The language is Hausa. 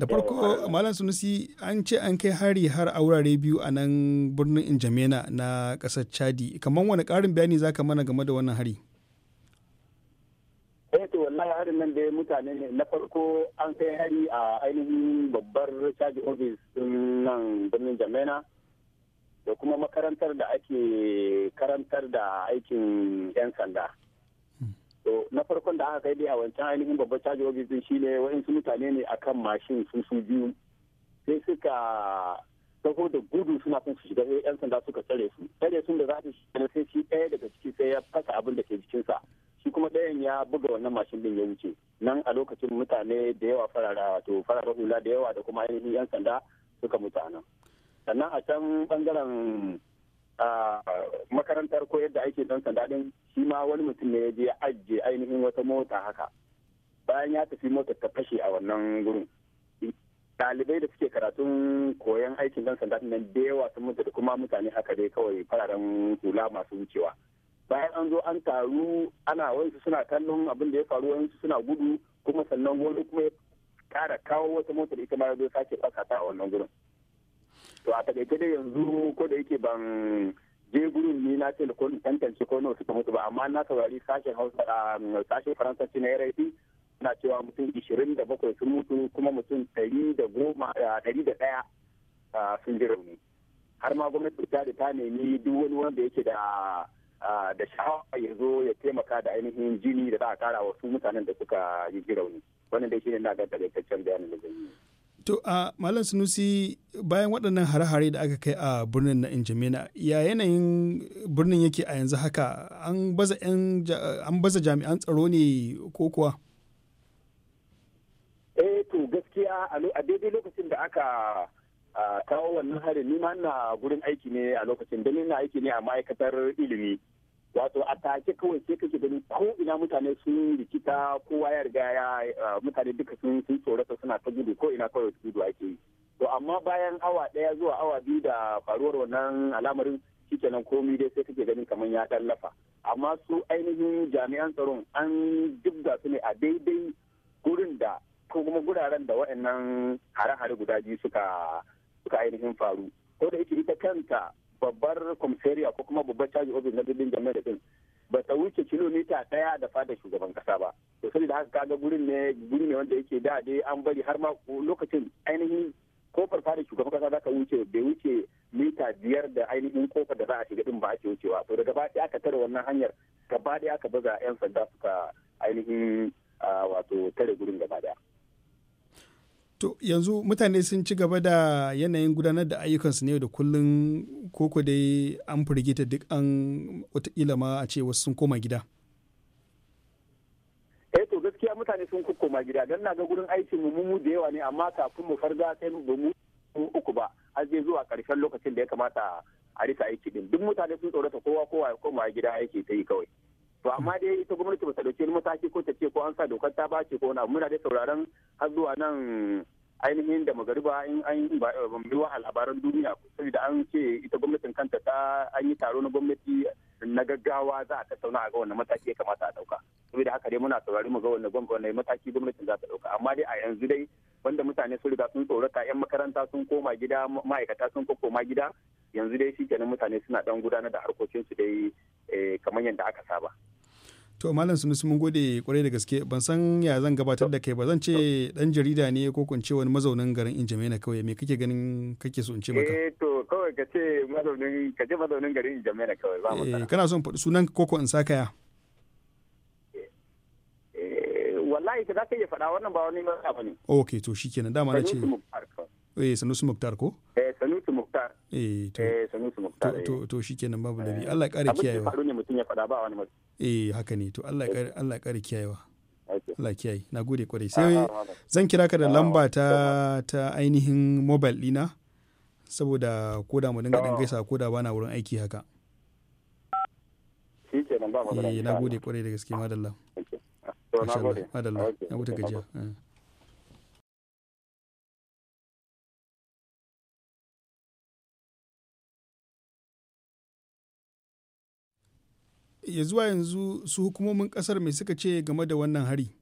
da farko malam sunusi an ce an kai hari har a wurare biyu a nan birnin injamena na kasar chadi kamar wani karin bayani za ka mana game da wannan hari eh harin nan dai mutane ne na farko an kai hari a ainihin babbar chadi office ɗin nan birnin jamena da kuma makarantar da ake karantar da aikin 'yan sanda to na farkon da aka kai dai a wancan ainihin babban caji ofis din shine wa'insu mutane ne akan mashin sun su biyu sai suka taho da gudu suna son su shiga yan sanda suka tsare su tsare sun da za su shiga sai shi ɗaya daga ciki sai ya fasa abin da ke sa shi kuma ɗayan ya buga wannan mashin din ya wuce nan a lokacin mutane da yawa farara wato fararen hula da yawa da kuma ainihin yan sanda suka mutu a sannan a can bangaren a makarantar koyar da ake don sandadin shi ma wani mutum ne ya je ajiye ainihin wata mota haka bayan ya tafi motar ta fashe a wannan gurin ɗalibai da suke karatun koyon aikin don sandadin nan da yawa sun mutu da kuma mutane haka dai kawai fararen hula masu wucewa bayan an zo an taru ana wasu suna kallon abin da ya faru wani suna gudu kuma sannan wani kuma ya kara kawo wata motar ita ma ya zo sake fasa ta a wannan gurin to a takaice da yanzu ko da yake ban je gurin ni na ce ko tantance ko nawa suka mutu ba amma na saurari sashen hausa a um, sashen faransanci na yaraifi na cewa mutum 27 da sun mutu kuma mutum ɗari da sun ji rauni har ma gwamnati ta da ta nemi duk wani wanda yake da da sha'awa ya zo ya taimaka da ainihin jini da za a kara wasu mutanen da suka yi ji rauni wannan shi ne na ga takaitaccen bayanin da zai yi To a Malam Sunusi bayan waɗannan hare-hare da aka kai a birnin na Injimena ya yanayin birnin yake a yanzu haka an baza jami'an tsaro ne ko kuwa? Eh to gaskiya a daidai lokacin da aka kawo wannan harin ni ma na gurin aiki ne a lokacin da na aiki ne a ma'aikatar ilimi wato a take kawai sai kake gani ko ina mutane sun rikita kowa ya riga ya eh, mutane duka sun sun tsorata suna ta gudu ko ina kawai gudu ake yi to amma bayan awa daya zuwa awa biyu da faruwar wannan al'amarin shikenan komai dai sai kake ganin kamar ya tallafa amma su ainihin jami'an tsaron an dubda su ne a daidai gurin da ko kuma guraren da waɗannan hare-hare guda biyu suka suka ainihin faru ko da yake ita kanta babbar komisariya ko kuma babbar caji ofis na birnin da din ba ta wuce kilomita daya da fadar shugaban kasa ba to da haka kaga gurin ne guri ne wanda yake da dai an bari har ma lokacin ainihin kofar fadar shugaban kasa ka wuce bai wuce mita biyar da ainihin kofar da za a shiga din ba ake wucewa to daga baya aka tare wannan hanyar gaba aka baza yan sanda suka ainihin ah, wato tare gurin gaba daya To yanzu mutane sun ci gaba da yanayin gudanar da ayyukansu ne da kullum koko dai an firgita duk an wata ma a ce wasu sun koma gida. Eh to gaskiya mutane sun koma gida don na ga gurin aikin mu mu da yawa ne amma kafin mu farga sai mu mu uku ba har zai zuwa karshen lokacin da ya kamata a rika aiki din duk mutane sun tsorata kowa kowa ya koma gida aiki ta yi kawai. to amma dai ita gwamnati ba ta dauki mataki ko ta ce ko an sa dokar ta bace ko na muna da sauraron har zuwa nan ainihin da magariba in an yi bambiwa eh, labaran duniya saboda an ce ita gwamnatin kanta ta an yi taro na gwamnati na gaggawa za a tattauna a ga wannan mataki ya kamata a dauka saboda haka dai muna saurari mu ga wannan gwamnati mataki gwamnatin za ta dauka amma dai a yanzu dai wanda mutane sun riga sun tsorata yan makaranta sun koma gida ma'aikata sun koma gida yanzu dai shi mutane suna dan gudanar da harkokinsu dai eh, kamar yadda aka saba to malam sunusu mun gode kwarai da gaske ban san ya zan gabatar da kai ba zan ce dan jarida ne ko kun ce wani mazaunin garin injamena kawai me kake ganin kake so in ce maka eh to kawai ka ce mazaunin ka ce mazaunin garin injamena kawai ba mu eh kana son faɗi sunan koko in saka ya eh, wallahi ka zaka iya faɗa wannan ba wani ba ne okay to shikenan dama na ce eh sanusi muktar ko eh to eh to to shikenan babu labi eh, Allah ya kare kiyayewa abin da mutum ya faɗa ba wani mutum eh haka ne to Allah ya kare eh. Allah ya kare kiyayewa Allah kiyaye na gode kwarai sai zan kira ka da lamba ta ta ainihin mobile dina saboda koda mu dinga dan gaisa koda bana wurin aiki haka shi kenan ba magana eh na gode kwarai da gaske madalla madalla na wuta gajiya eh. ya zuwa yanzu su hukumomin kasar mai suka ce game da wannan hari